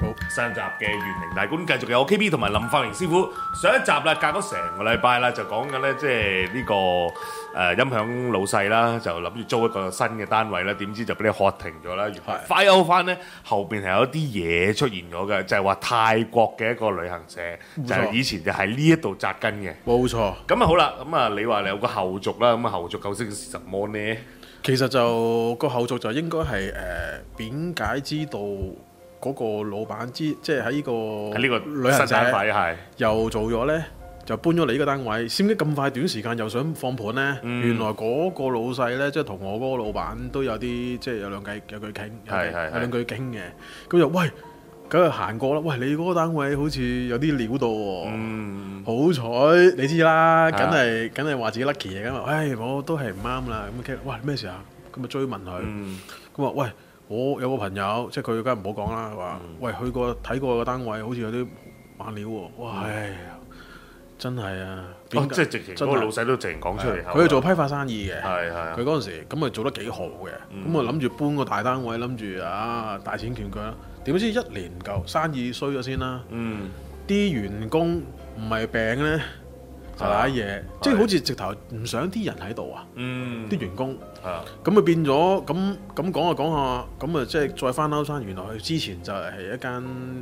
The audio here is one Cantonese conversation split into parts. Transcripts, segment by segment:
好，上集嘅玄靈大觀繼續有 KB 同埋林法榮師傅。上一集咧，隔咗成個禮拜啦，就講緊咧，即係呢個誒音響老細啦，就諗住租一個新嘅單位咧，點知就俾你喝停咗啦。快 out 翻咧，後邊係有啲嘢出現咗嘅，就係話泰國嘅一個旅行社，就以前就喺呢一度扎根嘅。冇錯。咁啊好啦，咁啊你話你有個後續啦，咁啊後續究竟係乜呢？其實就個後續就應該係誒點解知道。嗰個老闆之即係喺呢個旅行社，又做咗咧，就搬咗嚟呢個單位。點解咁快短時間又想放盤咧？原來嗰個老細咧，即係同我嗰個老闆都有啲即係有兩句有句傾，有兩句傾嘅。咁就喂，咁啊行過啦。喂，你嗰個單位好似有啲料到。嗯，好彩你知啦，梗係梗係話自己 lucky 嘢噶嘛。唉，我都係唔啱啦。咁啊，喂咩事啊？咁啊追問佢。佢話喂。我有個朋友，即係佢，梗係唔好講啦，話喂去過睇過個單位，好似有啲猛料喎，哇！嗯、唉真係啊，哦，即係直情嗰個老細都直情講出嚟，佢係做批發生意嘅，係係，佢嗰陣時咁啊做得幾好嘅，咁啊諗住搬個大單位，諗住啊大展拳腳啦，點知一年唔夠生意衰咗先啦，啊，嗯，啲員工唔係病呢。就睇嘢，即係好似直頭唔想啲人喺度啊！啲、就是嗯、員工，咁咪變咗咁咁講下講下，咁啊即係再翻歐山，原來佢之前就係一間、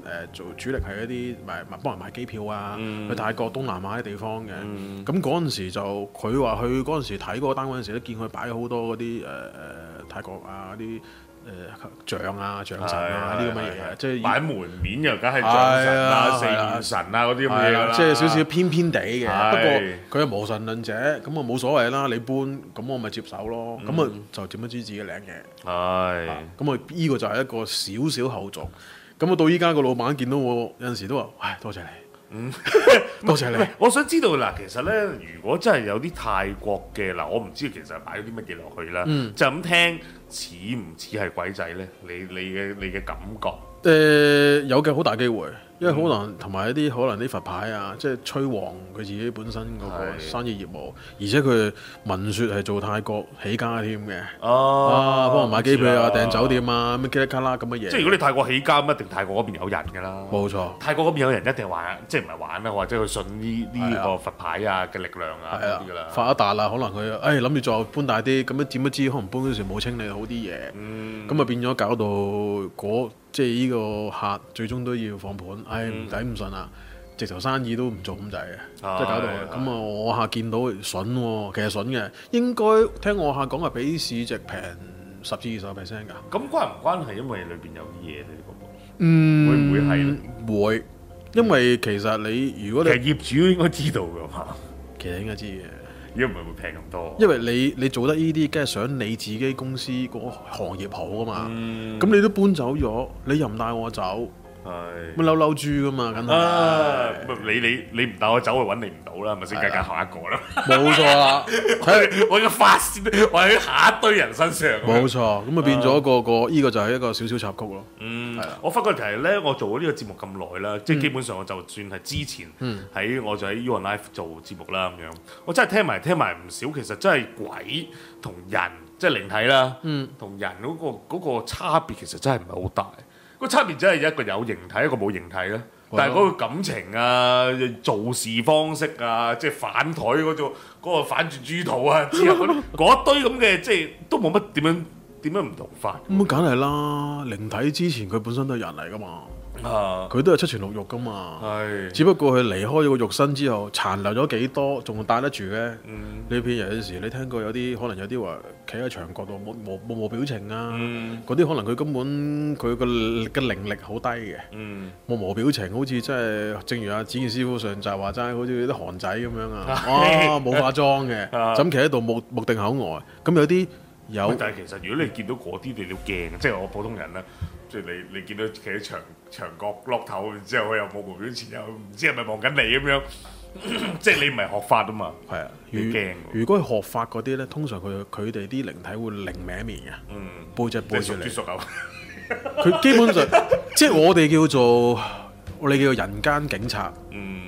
呃、做主力係一啲買幫人買機票啊，嗯、去泰國東南亞啲地方嘅。咁嗰陣時就佢話去嗰陣時睇嗰單嗰陣時都見佢擺好多嗰啲、呃呃、泰國啊啲。誒像啊，像神啊，呢啲咁嘅嘢即係擺門面又梗係像神啊、是的四神啊嗰啲咁嘅嘢即係少少偏偏地嘅。不過佢係無神論者，咁啊冇所謂啦。你搬咁我咪接手咯，咁、嗯、啊就點樣知自己領嘢？係咁啊，依、嗯嗯嗯這個就係一個少少後續。咁啊，到依家個老闆見到我有陣時都話，唉、哎，多謝你。嗯， 多謝你。我想知道嗱，其實咧，如果真係有啲泰國嘅嗱，我唔知其實擺咗啲乜嘢落去啦、嗯，就咁聽似唔似係鬼仔咧？你你嘅你嘅感覺？誒、呃，有嘅好大機會。因為可能同埋、嗯、一啲可能啲佛牌啊，即係催旺佢自己本身嗰個生意業務，是而且佢聞説係做泰國起家添嘅、啊，啊，幫人買機票啊、訂酒店啊、乜嘢一卡啦咁嘅嘢。即係如果你泰國起家，一定泰國嗰邊有人㗎啦。冇錯，泰國嗰邊有人一定玩，即係唔係玩啦，或者佢信呢呢、啊呢個佛牌啊嘅力量啊嗰、啊、啦。發一達啦，可能佢誒諗住再搬大啲，咁樣點都知可能搬嗰時冇清理好啲嘢，咁、嗯、啊變咗搞到嗰即係呢個客最終都要放盤。係唔抵唔信啊。直頭生意都唔做咁滯嘅，都搞到咁啊！就是、是是是我下見到筍，其實筍嘅應該聽我下講話比市值平十至二十個 percent 噶。咁關唔關係？因為裏邊有啲嘢咧，呢個會唔會係？會，因為其實你如果你係業主應該知道噶嘛，其實你應該知嘅，如果唔係會平咁多。因為你你做得呢啲，梗係想你自己公司個行業好噶嘛。咁、嗯、你都搬走咗，你又唔帶我走。咁嬲嬲豬㗎嘛，咁啊！你你你唔帶我走去找你不到，去揾你唔到啦，咪先，計計下一個啦。冇錯啦，我嘅發洩，我喺下一堆人身上。冇錯，咁啊變咗個個呢、嗯呢個就係一個小小插曲咯。嗯，我發覺其實咧，我做咗呢個節目咁耐咧，即係基本上我就算係之前喺、嗯、我就喺 U One Live 做節目啦咁樣，我真係聽埋聽埋唔少，其實真係鬼同人即係靈體啦，同、嗯、人嗰、嗰個嗰、嗰個差別其實真係唔係好大。個側面真係一個有形體，一個冇形體咧。但係嗰個感情啊、做事方式啊、即係反台嗰種、嗰、嗰個反轉豬肚啊，之後嗰 一堆咁嘅，即係都冇乜點樣點樣唔同法。咁梗係啦，靈體之前佢本身都係人嚟噶嘛。啊！佢都係七情六慾噶嘛，係，只不過佢離開咗個肉身之後，殘留咗幾多，仲會帶得住嘅？呢片有陣時，你聽過有啲可能有啲話，企喺牆角度，冇模模，模表情啊，嗰、嗯、啲可能佢根本佢、佢個嘅靈力好低嘅、嗯，模模糊表情，好似真係，正如阿子健師傅上集話齋，好似啲韓仔咁樣啊，冇、啊、化妝嘅，咁企喺度目目定口呆、呃，咁有啲有，但係其實如果你見到嗰啲，你要驚，即係我普通人咧。即係你，你見到企喺牆牆角落頭，之後佢又望完啲錢，又唔知係咪望緊你咁樣。即係、就是、你唔係學法啊嘛？係啊，要驚，如果係學法嗰啲咧，通常佢佢哋啲靈體會擰歪面嘅。嗯，背脊背住嚟。佢、就是、基本上 即係我哋叫做我哋叫做人間警察。嗯。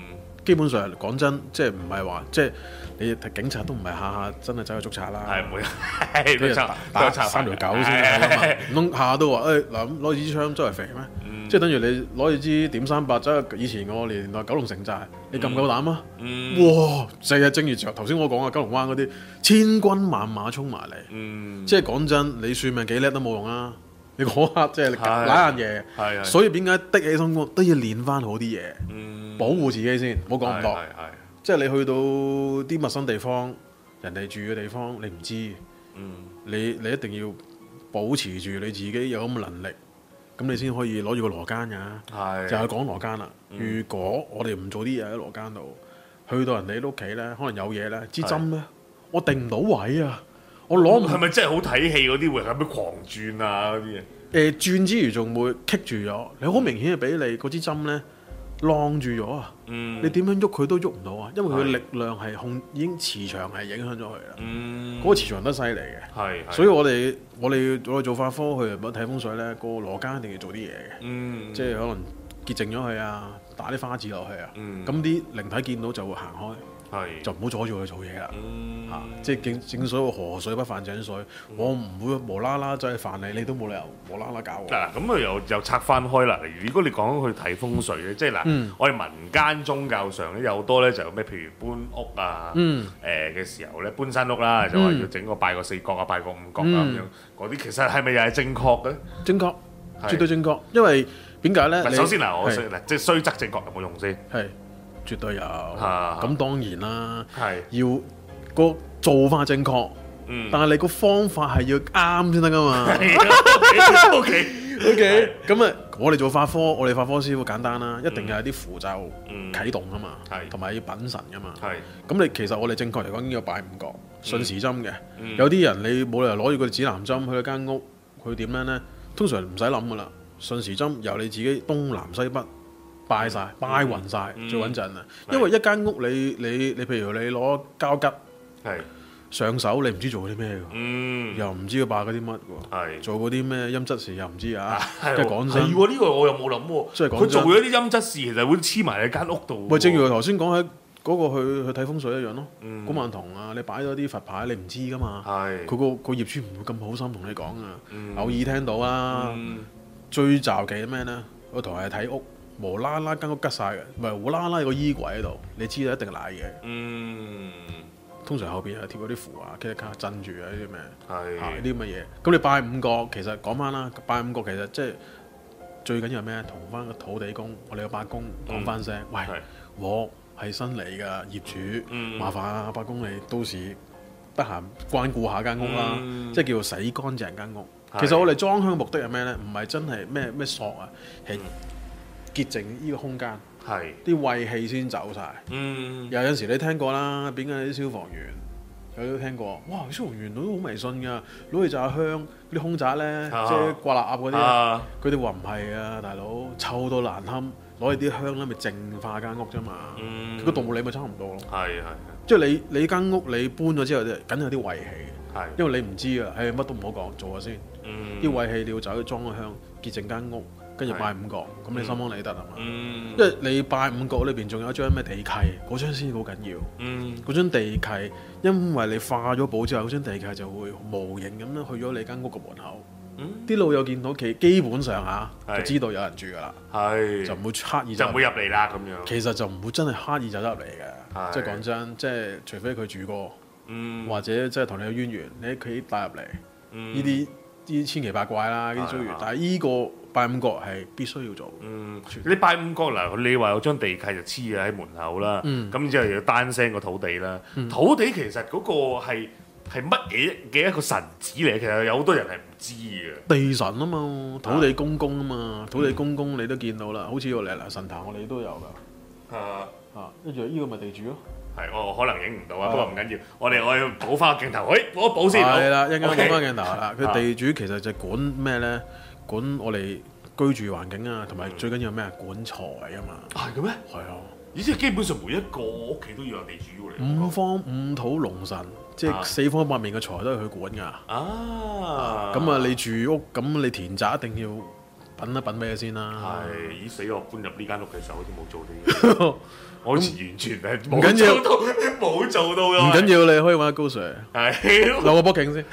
基本上講真，即係唔係話，即係你警察都唔係下下真係走去捉賊啦，係唔會，跟住打咗賊三條狗先，下下都話誒嗱，攞住支槍周圍肥咩、嗯？即係等於你攞住支點三八走去，以前嗰年代九龍城寨，你夠唔夠膽啊、嗯嗯？哇，成日正如頭先我講啊，九龍灣嗰啲千軍萬馬衝埋嚟，即係講真，你算命幾叻都冇用啊！你嗰刻即係揦硬嘢，所以點解的起心肝都要練翻好啲嘢？保護自己先，冇講唔當。係係係，即係你去到啲陌生地方，人哋住嘅地方，你唔知。嗯，你你一定要保持住你自己有咁嘅能力，咁你先可以攞住個羅庚㗎、啊。係，就講羅庚啦、嗯。如果我哋唔做啲嘢喺羅庚度，去到人哋屋企咧，可能有嘢咧，支針咧，我定唔到位啊，我攞唔係咪真係好睇戲嗰啲會係咩狂轉啊嗰啲嘢？誒，轉之餘仲會棘住咗，你好明顯係俾你嗰支針咧。晾住咗啊！你點樣喐佢都喐唔到啊！因為佢力量係控，已經磁場係影響咗佢啦。嗰、嗯、個磁場得犀利嘅，所以我哋我哋我哋做法科去睇風水咧，個羅庚一定要做啲嘢嘅，即係可能潔淨咗佢啊，打啲花子落去啊，咁、嗯、啲靈體見到就會行開。係，就唔好阻住佢做嘢啦嚇，即係正正所謂河水不犯井水，我唔會無啦啦走去煩你，你都冇理由無啦啦搞我，啊。咁、啊、佢又又拆翻開啦。如果你講，講去睇風水咧，即係嗱、嗯，我哋民間宗教上咧有好多咧，就咩譬如搬屋啊，誒、嗯、嘅、欸、時候咧搬新屋啦，就話要整個拜個四角啊，拜個五角啊咁、嗯、樣，嗰啲其實係咪又係正確嘅？正確，絕對正確。因為點解咧？首先嗱，我先，即係雖則正確有冇用先？係。絕對有，咁、啊、當然啦，要個做法正確，嗯、但係你個方法係要啱先得噶嘛。OK，OK，咁啊，我哋做法科，我哋法科師傅簡單啦，一定係啲符咒啟動啊嘛，同埋要稟神噶嘛。咁、嗯、你其實我哋正確嚟講應該拜五角，順時針嘅、嗯。有啲人你冇理由攞住個指南針去間屋，佢點樣呢？通常唔使諗噶啦，順時針由你自己東南西北。拜晒，拜勻晒，最穩陣啊！因為一間屋你，你你你，譬如你攞膠吉，係上手，你唔知做嗰啲咩嘅，嗯，又唔知佢擺嗰啲乜嘅，係做嗰啲咩陰質事又唔知啊！即係講真，呢、這個我又冇諗，佢、就是、做咗啲陰質事，其實會黐埋喺間屋度。喂，正如頭先講喺嗰個去去睇風水一樣咯，古曼童啊，你擺咗啲佛牌，你唔知噶嘛，係佢個個業主唔會咁好心同你講、嗯、啊，偶爾聽到啦，最罩忌嘅咩咧？我同你睇屋。無啦啦間屋吉晒嘅，唔係無啦啦個衣櫃喺度，你知道一定係賴嘢。嗯，通常後邊係貼嗰啲符啊，卡卡震住啊，呢啲咩係？呢啲咁嘅嘢。咁你拜五個，其實講翻啦，拜五個其實即係最緊要係咩？同翻個土地公，我哋個伯公講翻聲、嗯，喂，係我係新嚟嘅業主，嗯、麻煩伯、啊、公你到時得閒關顧一下間屋啦，即係叫洗乾淨間屋。其實我哋裝香的目的係咩咧？唔係真係咩咩索啊，係。嗯潔淨呢個空間，係啲穢氣先走晒。嗯，有陣時你聽過啦，邊啲消防員，佢都聽過。哇，消防員都好迷信噶，攞嚟炸香。啲空宅咧，即、啊、係掛臘鴨嗰啲，佢哋話唔係啊，大佬，臭到難堪，攞嚟啲香咧，咪淨化間屋啫嘛。嗯，個道理咪差唔多咯。係、嗯、係，即係你你間屋你搬咗之後啫，梗有啲穢氣。係，因為你唔知啊，係乜都唔好講，做下先。嗯，啲穢氣你要走，裝個香，潔淨間屋。跟住拜五角，咁、嗯、你心安理得啊嘛。因為你拜五角裏邊仲有一張咩地契，嗰張先好緊要。嗰、嗯、張地契，因為你化咗寶之後，嗰張地契就會無形咁樣去咗你間屋個門口。啲、嗯、老友見到企，基本上嚇、啊、就知道有人住噶啦，就唔會刻意走就唔會入嚟啦咁樣。其實就唔會真係刻意走得入嚟嘅，即係講真，即、就、係、是、除非佢住過，嗯、或者即係同你有淵源，你喺佢帶入嚟呢啲。嗯千奇百怪啦，啲遭遇，但係依個拜五國係必須要做。嗯，你拜五國嗱，你話有張地契就黐啊喺門口啦。嗯，咁之後要單聲個土地啦。土地其實嗰個係係乜嘢嘅一個神子嚟？其實有好多人係唔知嘅。地神啊嘛，土地公公啊嘛，土地公公你都見到啦、嗯，好似我嚟嗱神壇我哋都有㗎。啊啊，跟住呢個咪地主咯。係哦，可能影唔到啊，不過唔緊要，我哋我要補翻個鏡頭，誒，我補先。係啦，應該補翻鏡頭啦。佢，okay，地主其實就管咩咧？管我哋居住環境啊，同埋最緊要咩？管財啊嘛。係嘅咩？係啊。意思基本上每一個屋企都要有地主要，啊，嚟。五方五土龍神，即係四方八面嘅財都係佢管㗎。啊，嗯。咁啊，你住屋，咁你田宅一定要。品一品咩先啦，啊？係咦死我搬入呢間屋嘅時候好，好似冇做啲嘢，我完全係冇做到，冇做到嘅。唔緊要，你可以搵阿高 Sir。係攞個 booking 先，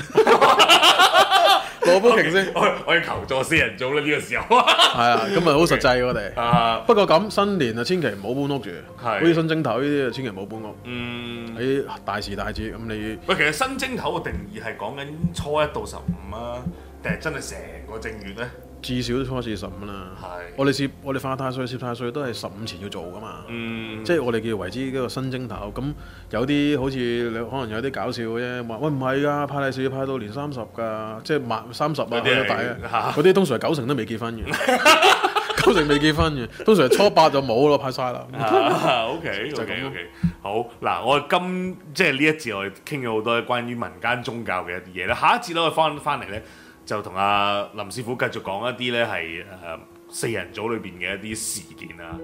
攞個 booking 先，okay, 我我要求助四人組啦呢、這個時候。係 啊，咁咪好實際、okay, 我哋。Uh, 不過咁新年啊，千祈唔好搬屋住。係，好似新正頭呢啲啊，千祈唔好搬屋。嗯，大時大時你大時大節咁你。喂，其實新正頭嘅定義係講緊初一到十五啊，定係真係成個正月咧？至少都初四十五啦，我哋攝我哋化太歲、攝太歲都係十五前要做噶嘛，嗯、即係我哋叫為之嗰個新正頭。咁有啲好似可能有啲搞笑嘅啫，喂，唔係噶，派利是要派到年三十噶，即係晚三十啊，嗰啲底嗰啲通常係九成都未結婚嘅， 九成未結婚嘅，通常初八就冇咯，派晒啦。O K，O K，好嗱，我今即係呢一節我哋傾咗好多關於民間宗教嘅一啲嘢咧，下一節咧我翻翻嚟咧。就同阿林師傅繼續講一啲呢係四人組裏面嘅一啲事件啊。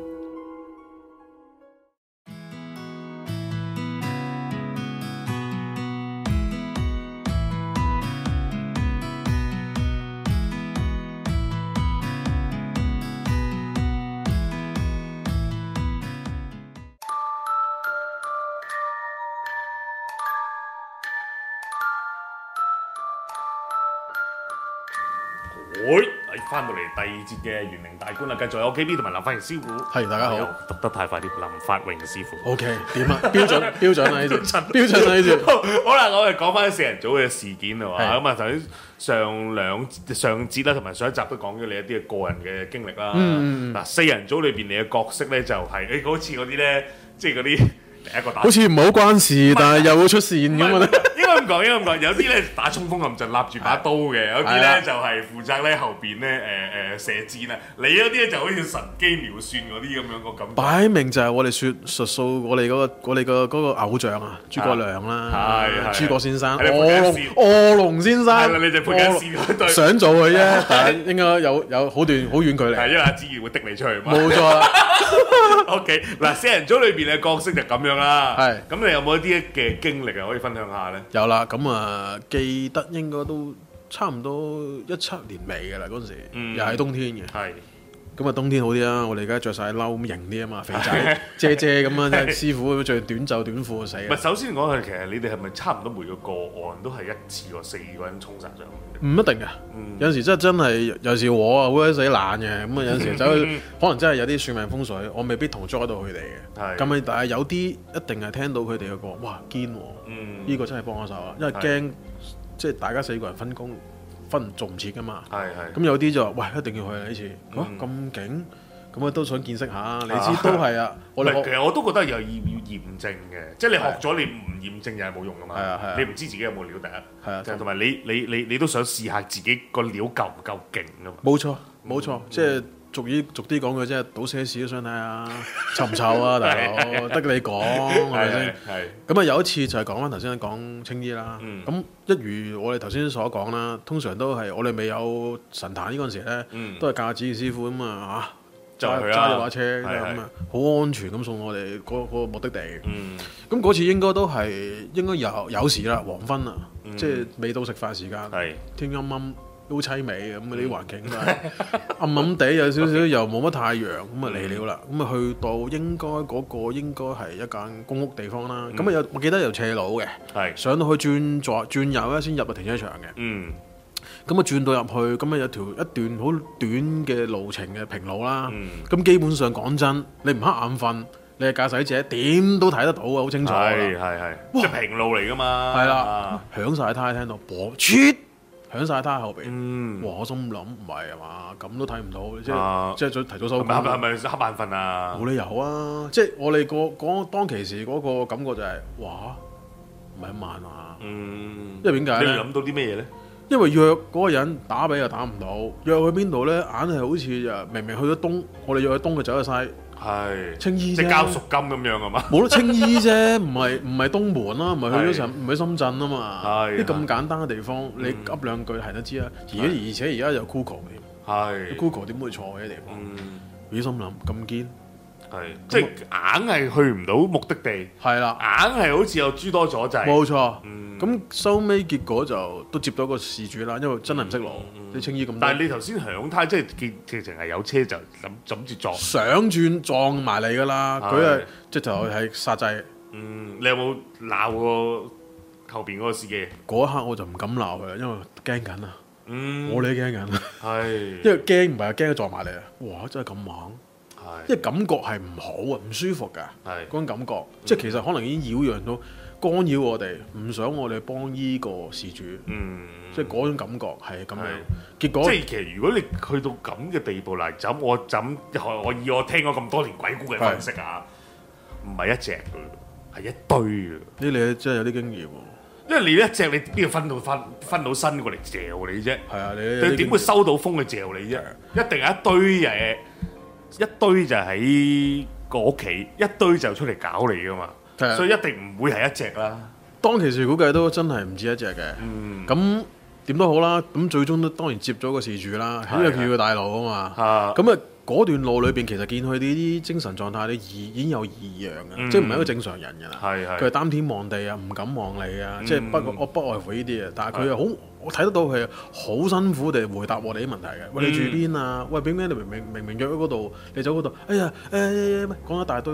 會係翻到嚟第二節嘅玄靈大觀啦，繼續有 K B 同埋林法榮師傅，係大家好，讀得太快啲，林法榮師傅，O K，點啊？標準，標準啊呢度，標準啊呢度，好啦，我哋講翻四人組嘅事件啦，咁啊，頭先上兩上節啦，同埋上一集都講咗你一啲嘅個人嘅經歷啦，嗱，四人組裏邊你嘅角色咧就係，誒，好似嗰啲咧，即係嗰啲第一個打，好似唔好關事，但係又會出線咁啊。咁有啲咧打衝鋒陷陣立住把刀嘅，有啲咧就係負責咧後邊咧誒誒射箭啊。你嗰啲咧就好似神機妙算嗰啲咁樣個感覺。擺明就係我哋說術數我哋，嗰個我哋，嗰個，嗰個偶像朱啊，諸葛亮啦，諸葛先生，臥臥龍先生。你就哦，想做佢啫，但係應該有有好段好遠距離。係，因為阿志會逼你出去。冇錯 O K 嗱，四、 okay, 人組裏邊嘅角色就咁樣啦。係。咁你有冇一啲嘅經歷啊？可以分享一下咧？有啦。咁啊，記得應該都差唔多一七年尾嘅啦，嗰陣時、嗯、又係冬天嘅。係。咁啊冬天好啲啦，我哋而家著曬褸咁型啲啊嘛，肥仔遮遮咁樣，師傅著短袖短褲死。唔係首先講下，其實你哋係咪差唔多每個個案都係一次過四個人沖曬上？唔一定噶，有時真係真係有時我啊，好鬼死懶嘅咁啊，有時走去可能真係有啲算命風水，我未必同 join 到佢哋嘅。係咁啊，但係有啲一定係聽到佢哋個話，哇堅喎，呢個真係幫我手啊，因為驚即係大家四個人分工。分做唔切㗎嘛，咁有啲就話：喂，一定要去呢次，嚇咁勁，咁我都想見識下。你知都係啊，啊，我哋其實我都覺得有要驗證嘅，嗯、即係你學咗、啊、你唔驗證又係冇用㗎嘛。係啊係啊，你唔知自己有冇料第一，係啊、就同、係、埋、啊、你你你你，你都想試下自己個料夠不夠唔夠勁啊嘛。冇錯，冇錯，嗯、即係。逐啲逐啲講佢啫，倒車事都想睇啊，臭唔臭啊，大 佬？是是是得你講係咪先？係。咁啊有一次就係講翻頭先講青衣啦。咁、嗯、一如我哋頭先所講啦，通常都係我哋未有神壇呢陣時咧，嗯、都係教子指師傅咁啊嚇，就揸咗把車咁啊，好安全咁送我哋嗰、嗰個嗰個目的地。咁、嗯、嗰次應該都係應該有有時啦，黃昏啦，嗯、即係未到食飯時間，嗯、天陰陰。好淒美嘅咁啊啲環境啊，暗暗地有少少又冇乜太陽咁啊嚟料啦，咁啊去到應該嗰個應該係一間公屋地方啦，咁啊有我記得有斜路嘅，係上到去轉左轉右咧先入個停車場嘅，嗯，咁啊轉到入去，咁啊有條一段好短嘅路程嘅平路啦，咁基本上講真，你唔瞌眼瞓，你係駕駛者點都睇得到啊，好清楚，係係係，即係平路嚟噶嘛，係啦，響晒胎聽到，啵切。響晒他在後邊，哇、嗯！我心諗唔係啊嘛，咁都睇唔到，啊、即係即係再提早收工。係咪係咪黑眼瞓啊？冇理由啊！即係我哋、嗰個講當其時嗰個感覺就係、是，哇！唔係一晚啊，嗯，因為點解？你諗到啲咩嘢咧？因為約嗰個人打俾又打唔到，約去邊度咧？硬係好似就明明去咗東，我哋約去東，佢走去西。係，青衣即交贖金咁樣啊嘛，冇得青衣啫，唔係唔係東門啦、啊，唔 係去咗陳，唔係深圳啊嘛，啲咁簡單嘅地方，你噏兩句係都知啦，而且而且而家有 Google 添，Google 點會錯嘅地方？佢心諗咁堅。係、嗯，即係硬係去唔到目的地。係啦，硬係好似有諸多阻滯。冇錯。咁收尾結果就都接到個事主啦，因為真係唔識路，你青衣咁。但係你頭先響太即係直情係有車就諗住撞，想轉撞埋你噶啦，佢、嗯、即就係剎掣。嗯，你有冇鬧過後邊嗰個司機？嗰一刻我就唔敢鬧佢啦，因為驚緊啊。嗯，我哋驚緊。係，因為驚唔係啊，驚撞埋你啊！哇，真係咁猛！係，即係感覺係唔好啊，唔舒服㗎。係嗰種感覺，嗯、即係其實可能已經擾攘到，干擾我哋，唔想我哋幫呢個事主。嗯，即係嗰種感覺係咁樣的是。結果即係其實如果你去到咁嘅地步嚟，咁我咁我以我，我，我聽咗咁多年鬼故嘅方式啊？唔係一隻㗎，係一堆㗎。呢你真係有啲經驗喎。因為你一隻你邊度分到分分到身過嚟嚼你啫？係啊，你點你點會收到風去嚼你啫、啊？一定係一堆嘢、就是。一堆就喺個屋企，一堆就出嚟搞你噶嘛、啊，所以一定唔會係一隻啦。當其時估計都真係唔止一隻嘅。咁點都好啦，咁最終都當然接咗個事主啦，因為佢係大佬啊嘛。咁啊嗰段路裏邊、啊，其實見佢啲精神狀態，你已已經有異樣嘅、嗯，即係唔係一個正常人㗎啦。佢係擔天望地啊，唔敢望你、嗯就是、啊，即係不過我不外乎呢啲啊。但係佢又好。我睇得到佢啊，好辛苦地回答我哋啲問題嘅、嗯啊。喂，你住邊啊？喂，點解你明明明明約咗嗰度，你走嗰度？哎呀，誒、哎哎，講一大堆。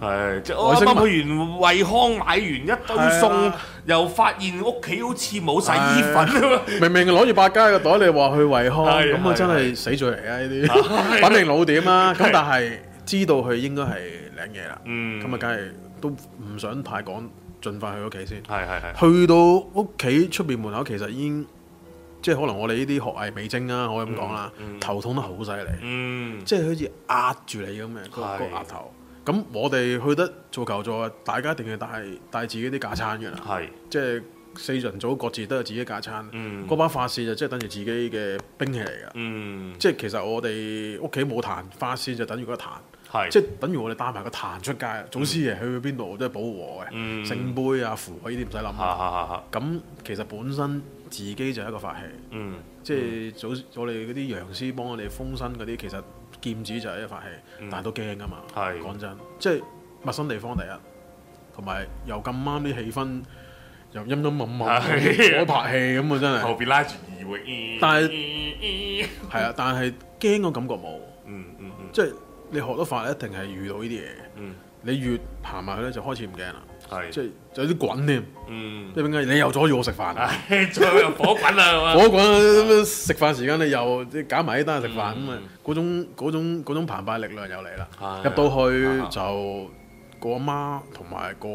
係，我啱啱去完惠康買完一堆餸，又發現屋企好似冇洗衣粉。明明攞住百佳嘅袋，你話去惠康，咁啊真係死咗嚟啊！呢啲 反正老點啊？咁但係知道佢應該係領嘢啦。嗯，咁啊，梗係都唔想太講。盡快去屋企先。係係係。去到屋企出邊門口，其實已經即係可能我哋呢啲學藝未精啦、啊，可以咁講啦，頭痛得好犀利。嗯。即係好似壓住你咁嘅，個個額頭。咁我哋去得做求助，大家一定要帶帶自己啲架撐㗎啦。係。即係四人組各自都有自己架撐。嗰、嗯、把法師就即係等住自己嘅兵器嚟㗎。嗯。即係其實我哋屋企冇彈，法師就等住個彈。是即係等於我哋帶埋個壇出街，祖師爺去到邊度都係保護我嘅。聖杯啊符，呢啲唔使諗啦。咁其實本身自己就係一個法器、嗯，即係祖、嗯、我哋嗰啲陽師幫我哋封身嗰啲，其實劍指就係一個法器、嗯，但係都驚噶嘛。講、嗯、真，即係陌生地方第一，同埋又咁啱啲氣氛又陰陰濛濛，開 拍戲咁啊真係，但係係， 啊，但係驚個感覺冇、嗯嗯嗯，即係。你學到法，一定係遇到呢啲嘢。嗯，你越行埋去咧，就開始唔驚啦。係，即係有啲滾添。嗯，即係點解你又阻住我食飯啊？ 火滾啦， 火滾、嗯、食飯時間，你又即係搞埋一單食飯咁啊！嗰、嗯、種嗰澎湃力量又嚟啦、啊。入到去就，啊就啊、個阿媽同埋個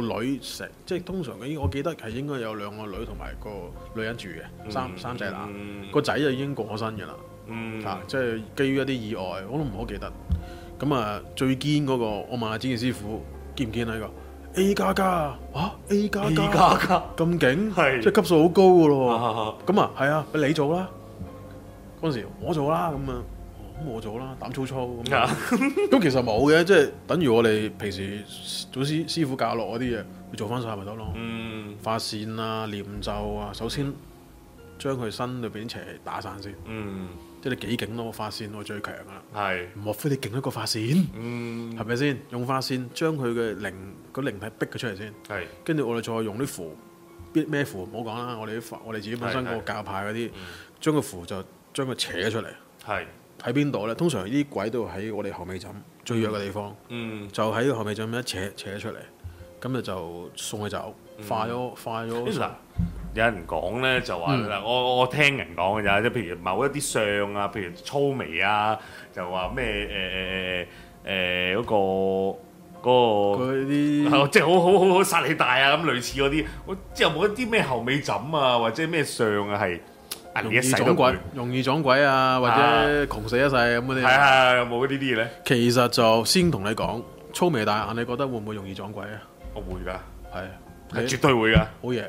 個女食，即係通常嘅。我記得係應該有兩個女同埋個女人住嘅、嗯，三三仔乸。嗯、個仔就已經過咗身嘅啦。嗯，啊，即、就、係、是、基於一啲意外，我都唔好記得。咁啊，最堅嗰、那個，我問下紫劍師傅堅唔堅啊？呢、這個 A 加加啊，A 加加 A 加咁勁，即係級數好高噶咯。咁啊，係啊，啊，你做啦。嗰陣時我做啦，咁啊，咁我做啦，膽粗粗咁。咁其實冇嘅，即、就、係、是、等於我哋平時老師師傅教落嗰啲嘢，佢做翻晒咪得咯。嗯，髮線啊，念咒啊，首先將佢身裏邊邪打散先。嗯。即係你幾勁咯！髮線我最強啦，係莫非你勁一個髮線，係咪先用髮線將佢嘅靈、個靈體逼佢出嚟先，跟住我哋再用啲符，咩符唔好講啦。我哋啲我哋自己本身個教派嗰啲，將個符就將佢扯出嚟，係喺邊度咧？通常啲鬼都喺我哋後尾枕最弱嘅地方，嗯、就喺後尾枕一扯扯出嚟，咁就就送佢走。快咗，快咗。有人講咧就話嗱、嗯，我我聽人講㗎咋，即係譬如某一啲相啊，譬如粗眉啊，就話咩誒誒誒誒嗰個嗰啲，即、嗰、係、個啊就係、好好好好殺氣大啊咁類似嗰啲。即係有冇一啲咩後尾枕啊，或者咩相啊係容易撞鬼、啊、容易撞鬼啊，或者窮死一世咁啲。係、啊、係有冇呢啲嘢咧？其實就先同你講，粗眉大眼，你覺得會唔會容易撞鬼啊？我會㗎，係。係絕對會嘅，好嘢！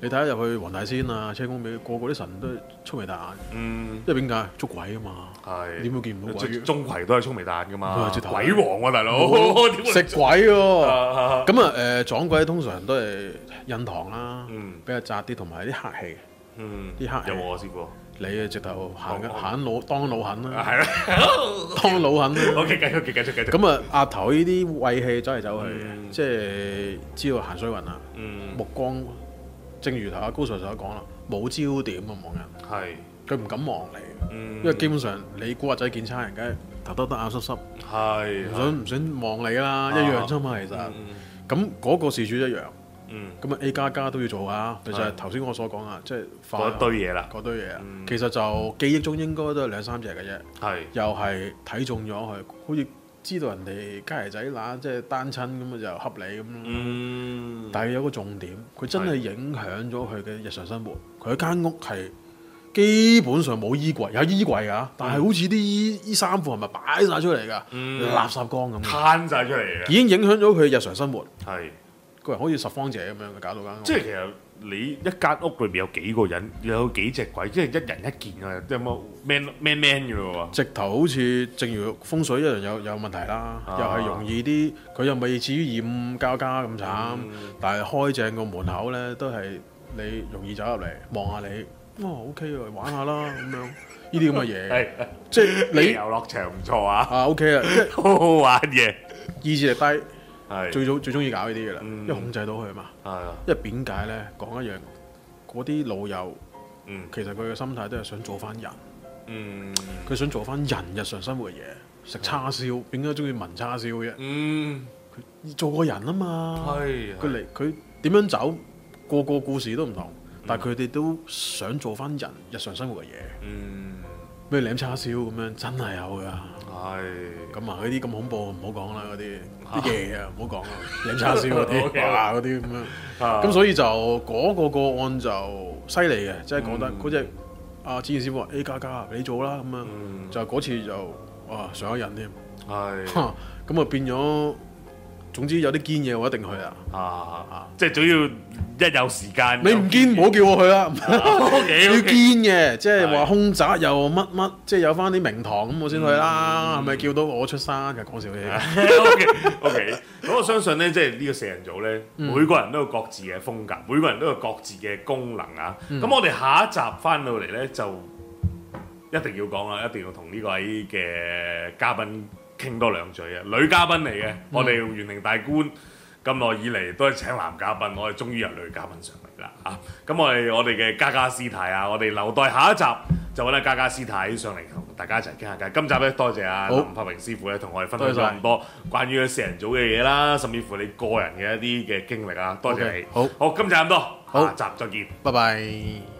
你睇下入去黃大仙啊、車公廟，個個啲神都係粗眉大眼，嗯，因為點解？捉鬼啊嘛，係點會見唔到鬼，鍾馗都係粗眉大眼噶嘛，鬼王啊大佬，食鬼喎，咁啊，誒、啊啊呃，撞鬼通常都係印堂啦、啊，嗯，比較窄啲，同埋啲黑氣，嗯，啲黑有冇我試過？你啊，直頭行行老當老狠啦，係咯、哦，當老狠。老狠 OK，繼續，繼續，繼續。咁啊，阿頭呢啲胃氣走嚟走去，即、嗯、係、就是、知道行衰運啦、啊嗯。目光正如頭阿高 Sir 所講啦，冇焦點啊。望人，係佢唔敢望你、嗯，因為基本上你古惑仔見差人，梗係頭耷耷眼濕濕，係唔想唔想望你啦、啊，一樣啫嘛。其實咁嗰、嗯那個事主一樣。咁、嗯、啊 A 加加都要做啊！其實頭先我所講啊，即係放一堆嘢啦，嗰堆嘢啊、嗯，其實就記憶中應該都係兩三隻嘅啫，係又係睇中咗佢，好似知道人哋家爺仔乸即係單親咁啊，就合理咁。但係有個重點，佢真係影響咗佢嘅日常生活。佢間屋係基本上冇衣櫃，有衣櫃啊、嗯，但係好似啲衣衣衫褲係咪擺晒出嚟㗎、嗯？垃圾缸咁嘅攤晒出嚟嘅，已經影響咗佢日常生活。係。個人好似拾荒者咁樣嘅搞到間屋，即係其實你一間屋裏邊有幾個人，有幾隻鬼，即係一人一件啊，有冇 man man man 嘅喎，直頭好似正如風水一樣有有問題啦，又係容易啲，佢又未至於染交加咁慘，但係開正個門口咧都係你容易走入嚟望下你，哦，OK 喎，玩下啦咁樣，呢啲咁嘅嘢，即係你遊樂場唔錯啊，啊，OK 啊，好好玩嘅，意志力低。最早最中意搞呢啲嘅啦，因為控制到佢嘛，因為點解咧講一樣嗰啲老友，嗯、其實佢嘅心態都係想做翻人，佢、嗯、想做翻人日常生活嘅嘢，食叉燒，點解中意聞叉燒嘅啫？嗯、佢做個人啊嘛，佢嚟佢點樣走個個故事都唔同，嗯、但係佢哋都想做翻人日常生活嘅嘢。嗯咩舐叉燒咁樣，真係有㗎。係。咁啊，嗰啲咁恐怖唔好講啦，嗰啲啲嘢啊，唔好講啦，舐 叉燒嗰啲嗰啲咁樣。咁所以就嗰、嗰個個案就犀利嘅，即係覺得嗰隻阿法榮師傅話 A 加加，你做啦咁啊。就嗰次就啊，上咗人添。係。咁 啊變咗。總之有啲堅嘢我一定去啊！啊啊，啊！即係總要一有時間。你唔堅唔好叫我去啦、啊！啊、 okay, okay, 要堅嘅，即係話空宅又乜乜，即係有翻啲名堂咁我先去啦、啊。係、嗯、咪叫到我出山？講笑嘢。OK OK。 咁我相信咧，即係呢個四人組咧、嗯，每個人都有各自嘅風格，每個人都有各自嘅功能啊。咁、嗯、我哋下一集翻到嚟咧，就一定要講啊，一定要同呢位嘅嘉賓。傾多兩句啊！女嘉賓嚟嘅，我哋玄靈大觀咁耐以嚟都係請男嘉賓，我哋終於有女嘉賓上嚟啦嚇！咁我哋我哋嘅家家師太啊，我哋留待下一集就揾阿家家師太上嚟同大家一齊傾下偈。今集咧，多謝阿林法榮師傅咧同我哋分享咗咁多關於嘅四人組嘅嘢啦，甚至乎你個人嘅一啲嘅經歷啊，多謝你。好，好，今集咁多，下集再見，拜拜。